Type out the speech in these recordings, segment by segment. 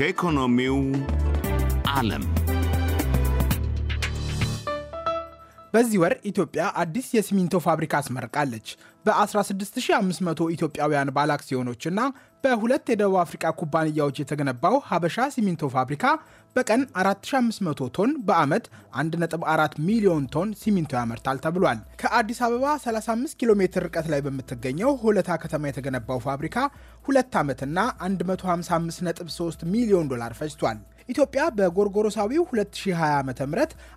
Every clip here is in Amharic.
ከኢኮኖሚው ዓለም በዚህ ወር ኢትዮጵያ አዲስ የሲሚንቶ ፋብሪካ አስመርቃለች። በ16500 ኢትዮጵያውያን ባለአክሲዮኖችና በሁለት የደቡብ አፍሪካ ኩባንያዎች የተገነባው ሀበሻ ሲሚንቶ ፋብሪካ በቀን 4500 ቶን በዓመት 1.4 ሚሊዮን ቶን ሲሚንቶ ያመርታል ተብሏል። ከአዲስ አበባ 35 ኪሎ ሜትር ርቀት ላይ በምትገኘው ሆለታ ከተማ የተገነባው ፋብሪካ ሁለት ዓመትና 155.3 ሚሊዮን ዶላር ፈጅቷል። ኢትዮጵያ በጎርጎሮሳዊው 2020 ዓ ም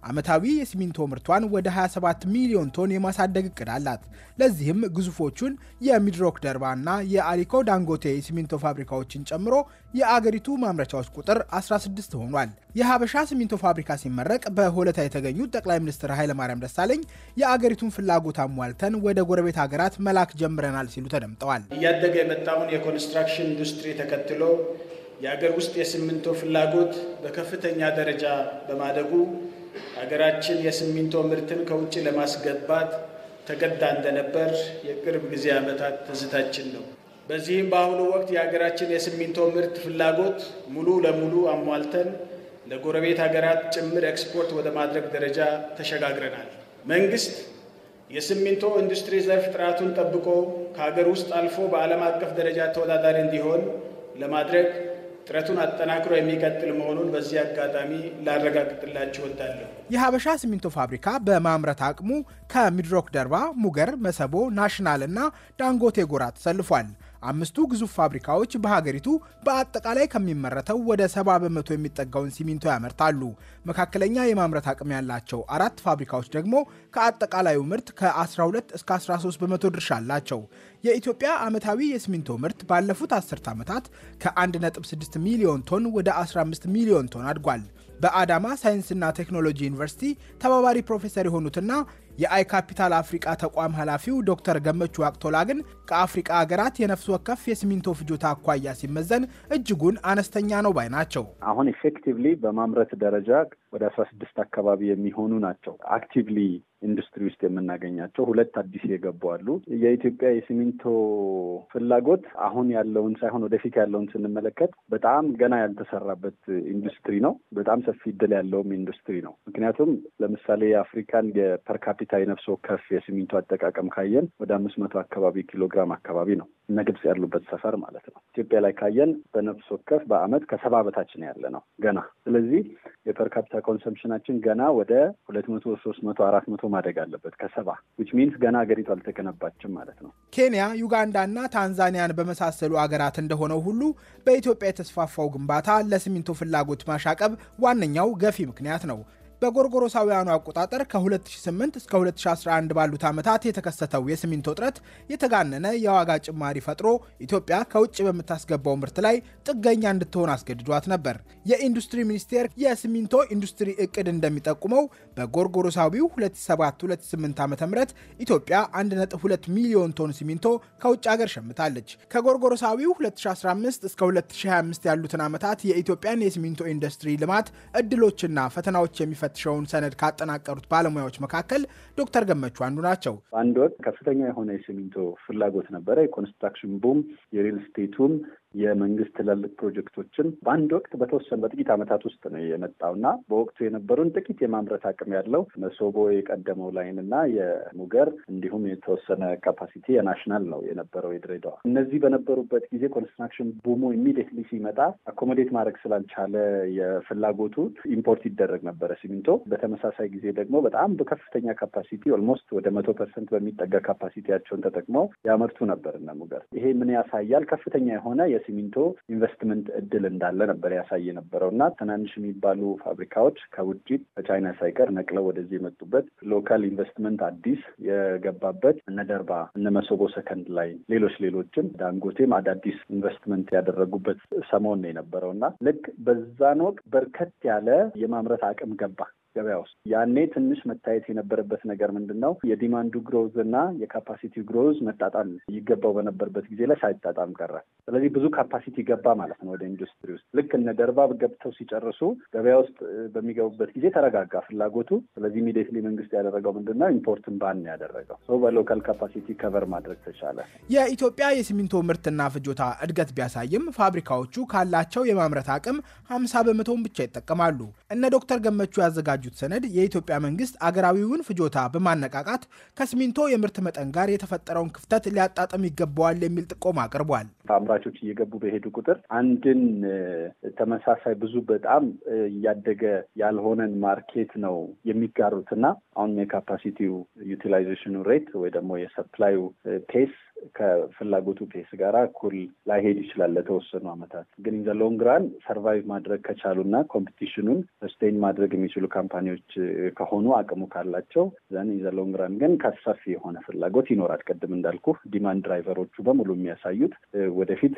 ዓመታዊ የሲሚንቶ ምርቷን ወደ 27 ሚሊዮን ቶን የማሳደግ እቅድ አላት። ለዚህም ግዙፎቹን የሚድሮክ እና የአሊኮ ዳንጎቴ የሲሚንቶ ፋብሪካዎችን ጨምሮ የአገሪቱ ማምረቻዎች ቁጥር 16 ሆኗል። የሀበሻ ሲሚንቶ ፋብሪካ ሲመረቅ በሆለታ የተገኙት ጠቅላይ ሚኒስትር ኃይለማርያም ደሳለኝ የአገሪቱን ፍላጎት አሟልተን ወደ ጎረቤት ሀገራት መላክ ጀምረናል ሲሉ ተደምጠዋል። እያደገ የመጣውን የኮንስትራክሽን ኢንዱስትሪ ተከትሎ የአገር ውስጥ የሲሚንቶ ፍላጎት በከፍተኛ ደረጃ በማደጉ አገራችን የሲሚንቶ ምርትን ከውጭ ለማስገባት ተገዳ እንደነበር የቅርብ ጊዜ ዓመታት ትዝታችን ነው። በዚህም በአሁኑ ወቅት የሀገራችን የሲሚንቶ ምርት ፍላጎት ሙሉ ለሙሉ አሟልተን ለጎረቤት ሀገራት ጭምር ኤክስፖርት ወደ ማድረግ ደረጃ ተሸጋግረናል። መንግስት የሲሚንቶ ኢንዱስትሪ ዘርፍ ጥራቱን ጠብቆ ከሀገር ውስጥ አልፎ በዓለም አቀፍ ደረጃ ተወዳዳሪ እንዲሆን ለማድረግ ጥረቱን አጠናክሮ የሚቀጥል መሆኑን በዚህ አጋጣሚ ላረጋግጥላችሁ እወዳለሁ። የሀበሻ ሲሚንቶ ፋብሪካ በማምረት አቅሙ ከሚድሮክ ደርባ፣ ሙገር፣ መሰቦ፣ ናሽናል እና ዳንጎቴ ጎራ ተሰልፏል። አምስቱ ግዙፍ ፋብሪካዎች በሀገሪቱ በአጠቃላይ ከሚመረተው ወደ 70 በመቶ የሚጠጋውን ሲሚንቶ ያመርታሉ። መካከለኛ የማምረት አቅም ያላቸው አራት ፋብሪካዎች ደግሞ ከአጠቃላዩ ምርት ከ12 እስከ 13 በመቶ ድርሻ አላቸው። የኢትዮጵያ ዓመታዊ የሲሚንቶ ምርት ባለፉት አስርት ዓመታት ከ1.6 ሚሊዮን ቶን ወደ 15 ሚሊዮን ቶን አድጓል። በአዳማ ሳይንስና ቴክኖሎጂ ዩኒቨርሲቲ ተባባሪ ፕሮፌሰር የሆኑትና የአይ ካፒታል አፍሪቃ ተቋም ኃላፊው ዶክተር ገመቹ አቅቶላ ግን ከአፍሪቃ ሀገራት የነፍስ ወከፍ የሲሚንቶ ፍጆታ አኳያ ሲመዘን እጅጉን አነስተኛ ነው ባይ ናቸው። አሁን ኢፌክቲቭሊ በማምረት ደረጃ ወደ አስራ ስድስት አካባቢ የሚሆኑ ናቸው አክቲቭሊ ኢንዱስትሪ ውስጥ የምናገኛቸው ሁለት አዲስ የገቡ አሉ። የኢትዮጵያ የሲሚንቶ ፍላጎት አሁን ያለውን ሳይሆን ወደፊት ያለውን ስንመለከት በጣም ገና ያልተሰራበት ኢንዱስትሪ ነው። በጣም ሰፊ እድል ያለውም ኢንዱስትሪ ነው። ምክንያቱም ለምሳሌ የአፍሪካን የፐርካፒታ የነፍስ ወከፍ የሲሚንቶ አጠቃቀም ካየን ወደ አምስት መቶ አካባቢ ኪሎግራም አካባቢ ነው እነ ግብጽ ያሉበት ሰፈር ማለት ነው። ኢትዮጵያ ላይ ካየን በነፍስ ወከፍ በአመት ከሰባ በታች ነው ያለ ነው ገና። ስለዚህ የፐርካፒታ ኮንሰምፕሽናችን ገና ወደ ሁለት መቶ ሶስት መቶ አራት መቶ ማደግ አለበት ከሰባ ዊች ሚንስ ገና ሀገሪቱ አልተገነባችም ማለት ነው። ኬንያ፣ እና ታንዛኒያን በመሳሰሉ ሀገራት እንደሆነው ሁሉ በኢትዮጵያ የተስፋፋው ግንባታ ለሲሚንቶ ፍላጎት ማሻቀብ ዋነኛው ገፊ ምክንያት ነው። በጎርጎሮሳውያኑ አቆጣጠር ከ2008 እስከ 2011 ባሉት ዓመታት የተከሰተው የሲሚንቶ እጥረት የተጋነነ የዋጋ ጭማሪ ፈጥሮ ኢትዮጵያ ከውጭ በምታስገባው ምርት ላይ ጥገኛ እንድትሆን አስገድዷት ነበር። የኢንዱስትሪ ሚኒስቴር የሲሚንቶ ኢንዱስትሪ እቅድ እንደሚጠቁመው በጎርጎሮሳዊው 2728 ዓ ም ኢትዮጵያ 1.2 ሚሊዮን ቶን ሲሚንቶ ከውጭ ሀገር ሸምታለች። ከጎርጎሮሳዊው 2015 እስከ 2025 ያሉትን ዓመታት የኢትዮጵያን የሲሚንቶ ኢንዱስትሪ ልማት እድሎችና ፈተናዎች የሚፈ የሚፈትሸውን ሰነድ ካጠናቀሩት ባለሙያዎች መካከል ዶክተር ገመቹ አንዱ ናቸው። በአንድ ወቅት ከፍተኛ የሆነ የሲሚንቶ ፍላጎት ነበረ። የኮንስትራክሽን ቡም የሪል ስቴቱም የመንግስት ትላልቅ ፕሮጀክቶችን በአንድ ወቅት በተወሰኑ በጥቂት ዓመታት ውስጥ ነው የመጣው እና በወቅቱ የነበሩን ጥቂት የማምረት አቅም ያለው መሶቦ የቀደመው ላይን እና የሙገር እንዲሁም የተወሰነ ካፓሲቲ የናሽናል ነው የነበረው የድሬዳዋ። እነዚህ በነበሩበት ጊዜ ኮንስትራክሽን ቡሙ ኢሚዲየትሊ ሲመጣ አኮሞዴት ማድረግ ስላልቻለ የፍላጎቱ ኢምፖርት ይደረግ ነበረ ሲሚንቶ። በተመሳሳይ ጊዜ ደግሞ በጣም በከፍተኛ ካፓሲቲ ኦልሞስት ወደ መቶ ፐርሰንት በሚጠጋ ካፓሲቲያቸውን ተጠቅመው ያመርቱ ነበር እነ ሙገር። ይሄ ምን ያሳያል? ከፍተኛ የሆነ የሲሚንቶ ኢንቨስትመንት እድል እንዳለ ነበር ያሳየ ነበረው እና ትናንሽ የሚባሉ ፋብሪካዎች ከውጭ ከቻይና ሳይቀር ነቅለው ወደዚህ የመጡበት ሎካል ኢንቨስትመንት አዲስ የገባበት እነ ደርባ እነ መሶቦ ሰከንድ ላይ ሌሎች ሌሎችም ዳንጎቴም አዳዲስ ኢንቨስትመንት ያደረጉበት ሰሞን ነው የነበረው እና ልክ በዛን ወቅት በርከት ያለ የማምረት አቅም ገባ ገበያ ውስጥ። ያኔ ትንሽ መታየት የነበረበት ነገር ምንድን ነው? የዲማንዱ ግሮዝ እና የካፓሲቲው ግሮዝ መጣጣም ይገባው በነበርበት ጊዜ ላይ ሳይጣጣም ቀረ። ስለዚህ ብዙ ካፓሲቲ ገባ ማለት ነው ወደ ኢንዱስትሪ ውስጥ። ልክ እነ ደርባ ገብተው ሲጨርሱ ገበያ ውስጥ በሚገቡበት ጊዜ ተረጋጋ ፍላጎቱ። ስለዚህ ኢሚዲየትሊ መንግስት ያደረገው ምንድን ነው? ኢምፖርትን ባን ያደረገው ሰው በሎካል ካፓሲቲ ከቨር ማድረግ ተቻለ። የኢትዮጵያ የሲሚንቶ ምርትና ፍጆታ እድገት ቢያሳይም ፋብሪካዎቹ ካላቸው የማምረት አቅም ሀምሳ በመቶውን ብቻ ይጠቀማሉ። እነ ዶክተር ገመቹ ያዘጋጁ ባዘጋጁት ሰነድ የኢትዮጵያ መንግስት አገራዊውን ፍጆታ በማነቃቃት ከሲሚንቶ የምርት መጠን ጋር የተፈጠረውን ክፍተት ሊያጣጥም ይገባዋል የሚል ጥቆማ አቅርቧል። አምራቾች እየገቡ በሄዱ ቁጥር አንድን ተመሳሳይ ብዙ በጣም እያደገ ያልሆነን ማርኬት ነው የሚጋሩት እና አሁን የካፓሲቲው ዩቲላይዜሽኑ ሬት ወይ ደግሞ የሰፕላዩ ፔስ ከፍላጎቱ ፔስ ጋር እኩል ላይሄድ ይችላል ለተወሰኑ አመታት ግን ኢን ዘ ሎንግ ራን ሰርቫይቭ ማድረግ ከቻሉና ኮምፒቲሽኑን ስቴን ማድረግ የሚችሉ ካምፓኒዎች ከሆኑ አቅሙ ካላቸው ዘን ኢን ዘ ሎንግ ራን ግን ከሰፊ የሆነ ፍላጎት ይኖራል። ቅድም እንዳልኩ ዲማንድ ድራይቨሮቹ በሙሉ የሚያሳዩት ወደፊት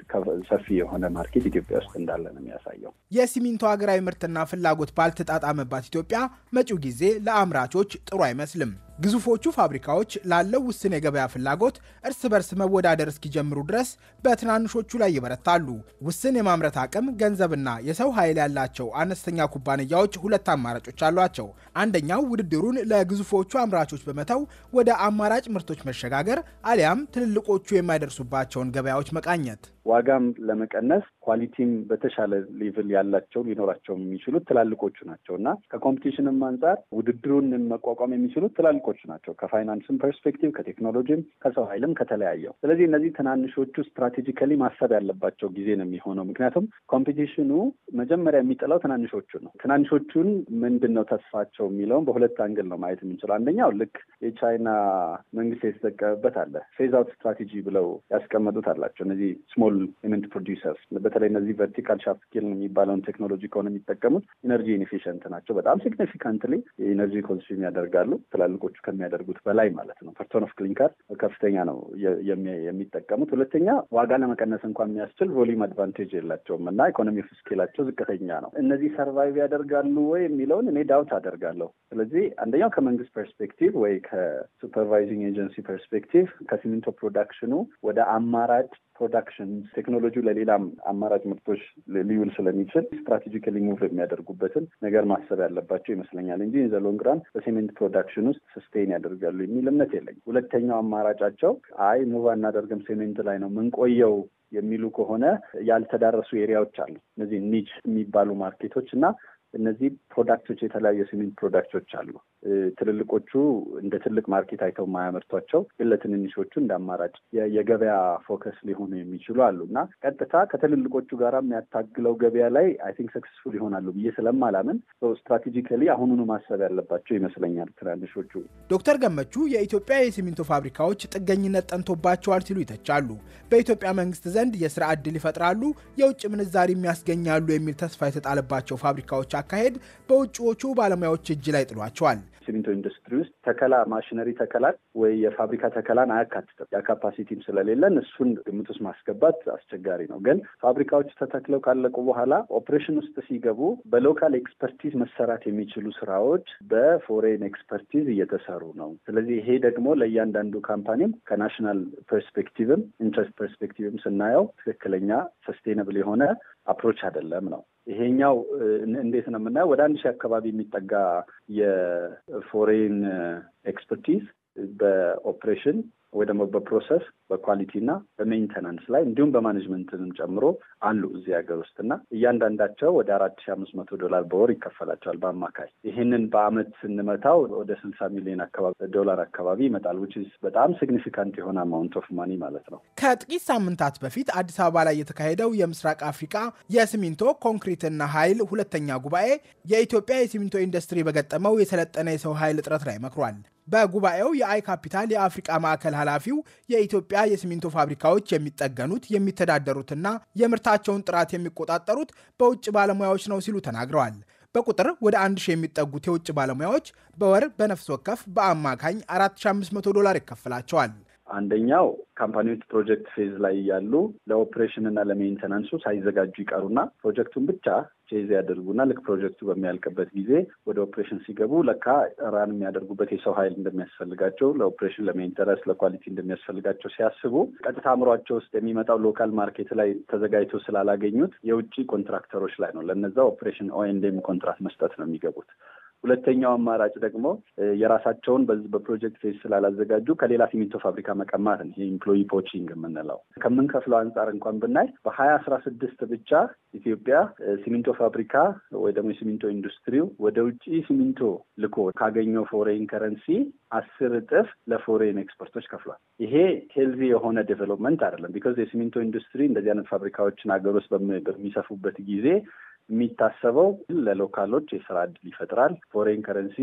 ሰፊ የሆነ ማርኬት ኢትዮጵያ ውስጥ እንዳለ ነው የሚያሳየው። የሲሚንቶ ሀገራዊ ምርትና ፍላጎት ባልተጣጣመባት ኢትዮጵያ መጪው ጊዜ ለአምራቾች ጥሩ አይመስልም። ግዙፎቹ ፋብሪካዎች ላለው ውስን የገበያ ፍላጎት እርስ በርስ መወዳደር እስኪጀምሩ ድረስ በትናንሾቹ ላይ ይበረታሉ። ውስን የማምረት አቅም፣ ገንዘብና የሰው ኃይል ያላቸው አነስተኛ ኩባንያዎች ሁለት አማራጮች አሏቸው። አንደኛው ውድድሩን ለግዙፎቹ አምራቾች በመተው ወደ አማራጭ ምርቶች መሸጋገር አሊያም ትልልቆቹ የማይደርሱባቸውን ገበያዎች መቃኘት ዋጋም ለመቀነስ ኳሊቲም በተሻለ ሌቭል ያላቸው ሊኖራቸው የሚችሉት ትላልቆቹ ናቸው እና ከኮምፒቲሽንም አንጻር ውድድሩን መቋቋም የሚችሉት ትላልቆቹ ናቸው። ከፋይናንስም ፐርስፔክቲቭ፣ ከቴክኖሎጂም፣ ከሰው ኃይልም ከተለያየው። ስለዚህ እነዚህ ትናንሾቹ ስትራቴጂካሊ ማሰብ ያለባቸው ጊዜ ነው የሚሆነው። ምክንያቱም ኮምፒቲሽኑ መጀመሪያ የሚጥለው ትናንሾቹ ነው። ትናንሾቹን ምንድን ነው ተስፋቸው የሚለውን በሁለት አንግል ነው ማየት የምንችለው። አንደኛው ልክ የቻይና መንግስት የተጠቀመበት አለ ፌዝ አውት ስትራቴጂ ብለው ያስቀመጡት አላቸው እነዚህ ስሞል ሪኒውብል ሲመንት ፕሮዲሰርስ በተለይ እነዚህ ቨርቲካል ሻፍኪል የሚባለውን ቴክኖሎጂ ከሆነ የሚጠቀሙት ኢነርጂ ኢንፊሽንት ናቸው። በጣም ሲግኒፊካንትሊ ኢነርጂ ኮንሱም ያደርጋሉ ትላልቆቹ ከሚያደርጉት በላይ ማለት ነው። ፐርቶን ኦፍ ክሊንከር ከፍተኛ ነው የሚጠቀሙት። ሁለተኛ ዋጋ ለመቀነስ እንኳን የሚያስችል ቮሊም አድቫንቴጅ የላቸውም እና ኢኮኖሚ ኦፍ ስኬላቸው ዝቅተኛ ነው። እነዚህ ሰርቫይቭ ያደርጋሉ ወይ የሚለውን እኔ ዳውት አደርጋለሁ። ስለዚህ አንደኛው ከመንግስት ፐርስፔክቲቭ ወይ ከሱፐርቫይዚንግ ኤጀንሲ ፐርስፔክቲቭ ከሲሚንቶ ፕሮዳክሽኑ ወደ አማራጭ ፕሮዳክሽን ቴክኖሎጂ ለሌላም አማራጭ ምርቶች ሊውል ስለሚችል ስትራቴጂካሊ ሙቭ የሚያደርጉበትን ነገር ማሰብ ያለባቸው ይመስለኛል እንጂ ኢን ዘ በሲሜንት ፕሮዳክሽን ውስጥ ስስቴን ያደርጋሉ የሚል እምነት የለኝ። ሁለተኛው አማራጫቸው አይ ሙቭ አናደርግም ሲሜንት ላይ ነው ምንቆየው የሚሉ ከሆነ ያልተዳረሱ ኤሪያዎች አሉ። እነዚህ ኒች የሚባሉ ማርኬቶች እና እነዚህ ፕሮዳክቶች የተለያዩ የሲሚንት ፕሮዳክቶች አሉ። ትልልቆቹ እንደ ትልቅ ማርኬት አይተው ማያመርቷቸው ግን ለትንንሾቹ እንደ አማራጭ የገበያ ፎከስ ሊሆኑ የሚችሉ አሉ እና ቀጥታ ከትልልቆቹ ጋር የሚያታግለው ገበያ ላይ አይ ቲንክ ሰክስፉል ይሆናሉ ብዬ ስለማላምን ስትራቴጂካሊ አሁኑኑ ማሰብ ያለባቸው ይመስለኛል ትናንሾቹ። ዶክተር ገመቹ የኢትዮጵያ የሲሚንቶ ፋብሪካዎች ጥገኝነት ጠንቶባቸዋል ሲሉ ይተቻሉ። በኢትዮጵያ መንግስት ዘንድ የስራ እድል ይፈጥራሉ፣ የውጭ ምንዛሪ የሚያስገኛሉ የሚል ተስፋ የተጣለባቸው ፋብሪካዎች አካሄድ በውጭዎቹ ባለሙያዎች እጅ ላይ ጥሏቸዋል። ሲሚንቶ ኢንዱስትሪ ውስጥ ተከላ ማሽነሪ ተከላን ወይ የፋብሪካ ተከላን አያካትትም። ያ ካፓሲቲም ስለሌለን እሱን ግምት ውስጥ ማስገባት አስቸጋሪ ነው። ግን ፋብሪካዎች ተተክለው ካለቁ በኋላ ኦፕሬሽን ውስጥ ሲገቡ በሎካል ኤክስፐርቲዝ መሰራት የሚችሉ ስራዎች በፎሬን ኤክስፐርቲዝ እየተሰሩ ነው። ስለዚህ ይሄ ደግሞ ለእያንዳንዱ ካምፓኒም ከናሽናል ፐርስፔክቲቭም ኢንትረስት ፐርስፔክቲቭም ስናየው ትክክለኛ ሰስቴነብል የሆነ አፕሮች አይደለም ነው። ይሄኛው እንዴት ነው የምናየው? ወደ አንድ ሺህ አካባቢ የሚጠጋ የፎሬን ኤክስፐርቲዝ በኦፕሬሽን ወይ ደግሞ በፕሮሰስ በኳሊቲ እና በሜንተናንስ ላይ እንዲሁም በማኔጅመንትንም ጨምሮ አሉ እዚህ ሀገር ውስጥ እና እያንዳንዳቸው ወደ አራት ሺ አምስት መቶ ዶላር በወር ይከፈላቸዋል በአማካይ ይህንን በአመት ስንመታው ወደ ስልሳ ሚሊዮን ዶላር አካባቢ ይመጣል ዊች በጣም ሲግኒፊካንት የሆነ አማውንት ኦፍ ማኒ ማለት ነው። ከጥቂት ሳምንታት በፊት አዲስ አበባ ላይ የተካሄደው የምስራቅ አፍሪካ የሲሚንቶ ኮንክሪትና ኃይል ሁለተኛ ጉባኤ የኢትዮጵያ የሲሚንቶ ኢንዱስትሪ በገጠመው የሰለጠነ የሰው ኃይል እጥረት ላይ መክሯል። በጉባኤው የአይ ካፒታል የአፍሪቃ ማዕከል ኃላፊው የኢትዮጵያ የሲሚንቶ ፋብሪካዎች የሚጠገኑት የሚተዳደሩትና የምርታቸውን ጥራት የሚቆጣጠሩት በውጭ ባለሙያዎች ነው ሲሉ ተናግረዋል። በቁጥር ወደ 1000 የሚጠጉት የውጭ ባለሙያዎች በወር በነፍስ ወከፍ በአማካኝ 4500 ዶላር ይከፍላቸዋል። አንደኛው ካምፓኒዎች ፕሮጀክት ፌዝ ላይ እያሉ ለኦፕሬሽን እና ለሜንተናንሱ ሳይዘጋጁ ይቀሩና ፕሮጀክቱን ብቻ ቼዝ ያደርጉና ልክ ፕሮጀክቱ በሚያልቅበት ጊዜ ወደ ኦፕሬሽን ሲገቡ ለካ ራን የሚያደርጉበት የሰው ኃይል እንደሚያስፈልጋቸው ለኦፕሬሽን፣ ለሜንተረስ ለኳሊቲ እንደሚያስፈልጋቸው ሲያስቡ ቀጥታ አእምሯቸው ውስጥ የሚመጣው ሎካል ማርኬት ላይ ተዘጋጅቶ ስላላገኙት የውጭ ኮንትራክተሮች ላይ ነው። ለነዛ ኦፕሬሽን ኦኤንዴም ኮንትራክት መስጠት ነው የሚገቡት። ሁለተኛው አማራጭ ደግሞ የራሳቸውን በዚህ በፕሮጀክት ፌዝ ስላላዘጋጁ ከሌላ ሲሚንቶ ፋብሪካ መቀማት ነው። የኢምፕሎይ ፖቺንግ የምንለው ከምንከፍለው አንጻር እንኳን ብናይ በሀያ አስራ ስድስት ብቻ ኢትዮጵያ ሲሚንቶ ፋብሪካ ወይ ደግሞ የሲሚንቶ ኢንዱስትሪው ወደ ውጭ ሲሚንቶ ልኮ ካገኘው ፎሬን ከረንሲ አስር እጥፍ ለፎሬን ኤክስፐርቶች ከፍሏል። ይሄ ሄልዚ የሆነ ዴቨሎፕመንት አይደለም። ቢኮዝ የሲሚንቶ ኢንዱስትሪ እንደዚህ አይነት ፋብሪካዎችን ሀገር ውስጥ በሚሰፉበት ጊዜ የሚታሰበው ለሎካሎች የስራ እድል ይፈጥራል። ፎሬን ከረንሲ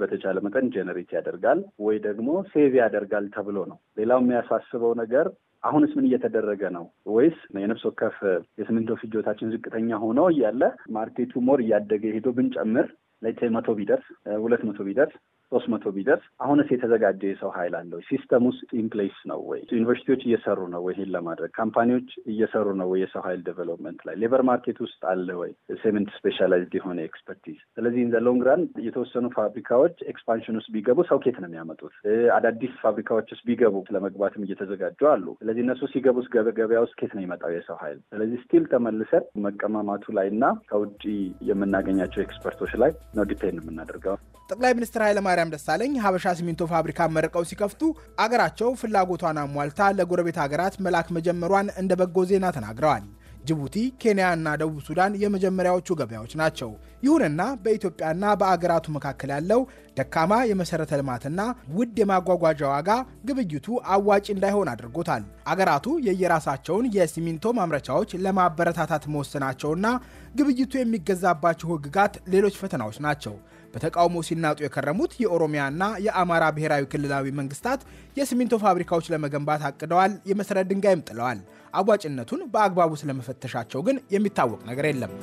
በተቻለ መጠን ጀነሬት ያደርጋል ወይ ደግሞ ሴቭ ያደርጋል ተብሎ ነው። ሌላው የሚያሳስበው ነገር አሁንስ ምን እየተደረገ ነው? ወይስ የነፍስ ወከፍ የሲሚንቶ ፍጆታችን ዝቅተኛ ሆኖ እያለ ማርኬቱ ሞር እያደገ ሄዶ ብንጨምር ላይ መቶ ቢደርስ ሁለት መቶ ቢደርስ ሶስት መቶ ቢደርስ አሁንስ የተዘጋጀ የሰው ኃይል አለ ሲስተም ውስጥ ኢንፕሌስ ነው ወይ? ዩኒቨርሲቲዎች እየሰሩ ነው ወይ? ይህን ለማድረግ ካምፓኒዎች እየሰሩ ነው ወይ? የሰው ኃይል ዴቨሎፕመንት ላይ ሌበር ማርኬት ውስጥ አለ ወይ? ሴመንት ስፔሻላይዝድ የሆነ ኤክስፐርቲዝ። ስለዚህ ኢን ዘ ሎንግ ራን የተወሰኑ ፋብሪካዎች ኤክስፓንሽን ውስጥ ቢገቡ ሰው ኬት ነው የሚያመጡት? አዳዲስ ፋብሪካዎች ውስጥ ቢገቡ ለመግባትም እየተዘጋጁ አሉ። ስለዚህ እነሱ ሲገቡ ገበያ ውስጥ ኬት ነው የሚመጣው የሰው ኃይል? ስለዚህ ስቲል ተመልሰን መቀማማቱ ላይ እና ከውጭ የምናገኛቸው ኤክስፐርቶች ላይ ነው ዲፔንድ የምናደርገው። ጠቅላይ ሚኒስትር ኃይለማርያም ኃይለማርያም ደሳለኝ ሀበሻ ሲሚንቶ ፋብሪካ መርቀው ሲከፍቱ አገራቸው ፍላጎቷን አሟልታ ለጎረቤት ሀገራት መላክ መጀመሯን እንደ በጎ ዜና ተናግረዋል። ጅቡቲ፣ ኬንያ እና ደቡብ ሱዳን የመጀመሪያዎቹ ገበያዎች ናቸው። ይሁንና በኢትዮጵያና በአገራቱ መካከል ያለው ደካማ የመሰረተ ልማትና ውድ የማጓጓዣ ዋጋ ግብይቱ አዋጭ እንዳይሆን አድርጎታል። አገራቱ የየራሳቸውን የሲሚንቶ ማምረቻዎች ለማበረታታት መወሰናቸውና ግብይቱ የሚገዛባቸው ሕግጋት ሌሎች ፈተናዎች ናቸው። በተቃውሞ ሲናጡ የከረሙት የኦሮሚያና የአማራ ብሔራዊ ክልላዊ መንግስታት የሲሚንቶ ፋብሪካዎች ለመገንባት አቅደዋል፣ የመሰረት ድንጋይም ጥለዋል። አዋጭነቱን በአግባቡ ስለመፈተሻቸው ግን የሚታወቅ ነገር የለም።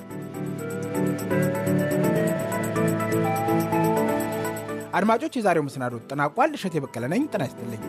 አድማጮች፣ የዛሬው መሰናዶ ተጠናቋል። እሸቴ በቀለ ነኝ። ጤና ይስጥልኝ።